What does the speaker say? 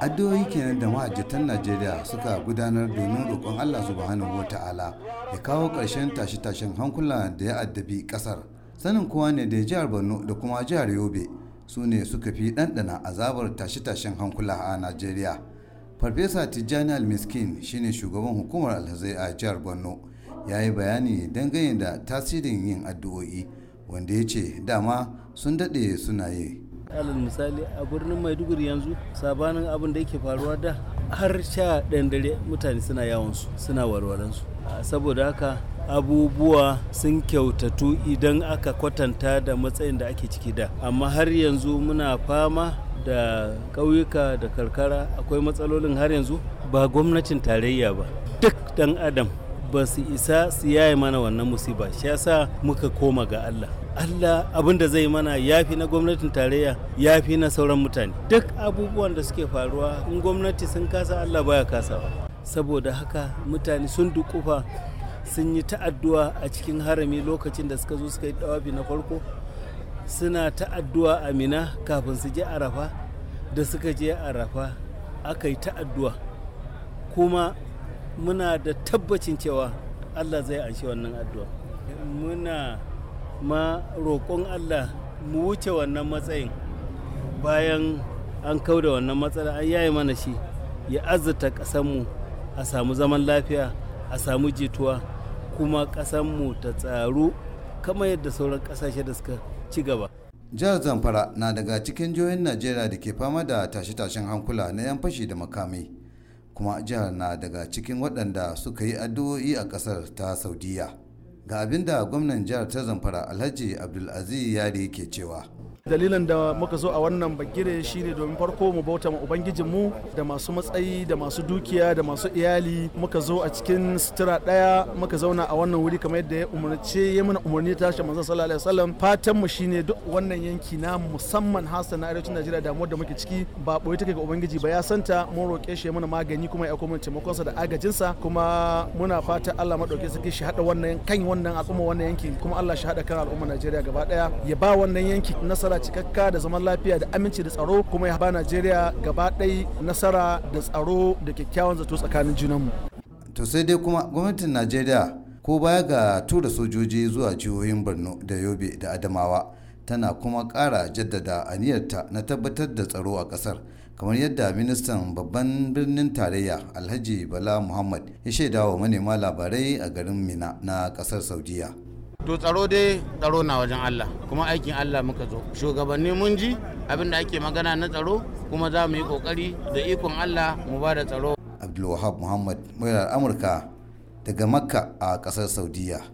addu'o'i kenan da mahajjatan najeriya suka gudanar domin roƙon allah subhanahu wa ta'ala ya kawo ƙarshen tashe-tashen hankula da ya addabi ƙasar sanin kowa ne da jihar borno da kuma jihar yobe su ne suka fi ɗanɗana azabar tashe-tashen hankula a najeriya farfesa tijjani almiskin shine shugaban hukumar alhazai a jihar borno ya yi bayani dangane da tasirin yin addu'o'i wanda ya ce dama sun daɗe suna yi alal misali a birnin maiduguri yanzu sabanin abin da yake faruwa da har sha ɗan dare mutane suna su suna warwaransu saboda haka abubuwa sun kyautatu idan aka kwatanta da matsayin da ake ciki da amma har yanzu muna fama da ƙauyuka da karkara akwai matsalolin har yanzu ba gwamnatin tarayya ba duk dan adam ba su isa su yaye mana wannan musiba shi yasa muka koma ga Allah Allah abin da zai mana yafi na gwamnatin tarayya ya fi na sauran mutane duk abubuwan da suke faruwa in gwamnati sun kasa Allah baya kasawa saboda haka mutane sun dukufa sun yi ta'addu'a a cikin harami lokacin da suka zo suka yi dawafi na farko suna ta'addu'a a mina kafin su je arafa da suka je arafa aka yi ta'addu'a kuma muna da tabbacin cewa allah zai anshi wannan addu'a muna ma roƙon allah mu wuce wannan matsayin bayan an kau da wannan matsala an yaye mana shi ya azzata ƙasanmu a samu zaman lafiya a samu jituwa kuma ƙasanmu ta tsaro kamar yadda sauran ƙasashe da suka ci gaba jihar zamfara na daga cikin jihohin najeriya da ke fama da tashe-tashen hankula na 'yan fashi da makamai kuma jihar na daga cikin waɗanda suka yi addu'o'i a ƙasar ta saudiya ga abinda gwamnan jihar ta zamfara alhaji abdulaziz yari ke cewa Dalilan da muka zo a wannan bagire shine domin farko mu bauta ma Ubangijinmu da masu matsayi da masu dukiya da masu iyali muka zo a cikin sutura daya muka zauna a wannan wuri kamar yadda ya umarce ya mana umarni ta shi manzon sallallahu alaihi wasallam fatan mu shine duk wannan yanki na musamman hasa na arewacin Najeriya da da muke ciki ba boye take ga Ubangiji ba ya santa mun roƙe shi ya mana magani kuma ya kuma sa da agajinsa kuma muna fata Allah madauke sarki shi hada wannan kan wannan al'umma wannan yanki kuma Allah shi hada kan al'umma Najeriya gaba daya ya ba wannan yanki nasara cikakka da zaman lafiya da aminci da tsaro kuma ya ba Najeriya gaba ɗai nasara da tsaro da kyakkyawan zato tsakanin junanmu. To sai dai kuma gwamnatin Najeriya ko baya ga tura sojoji zuwa jihohin Borno da Yobe da Adamawa tana kuma ƙara jaddada aniyarta na tabbatar da tsaro a ƙasar. kamar yadda ministan babban birnin tarayya alhaji bala muhammad ya shaidawa manema labarai a garin mina na kasar saudiya to tsaro dai tsaro na wajen Allah kuma aikin Allah muka zo shugabanni mun ji abin da ake magana na tsaro kuma za mu yi kokari da ikon Allah mu ba da tsaro Abdulwahab Muhammad muryar Amurka daga Makka a ƙasar Saudiya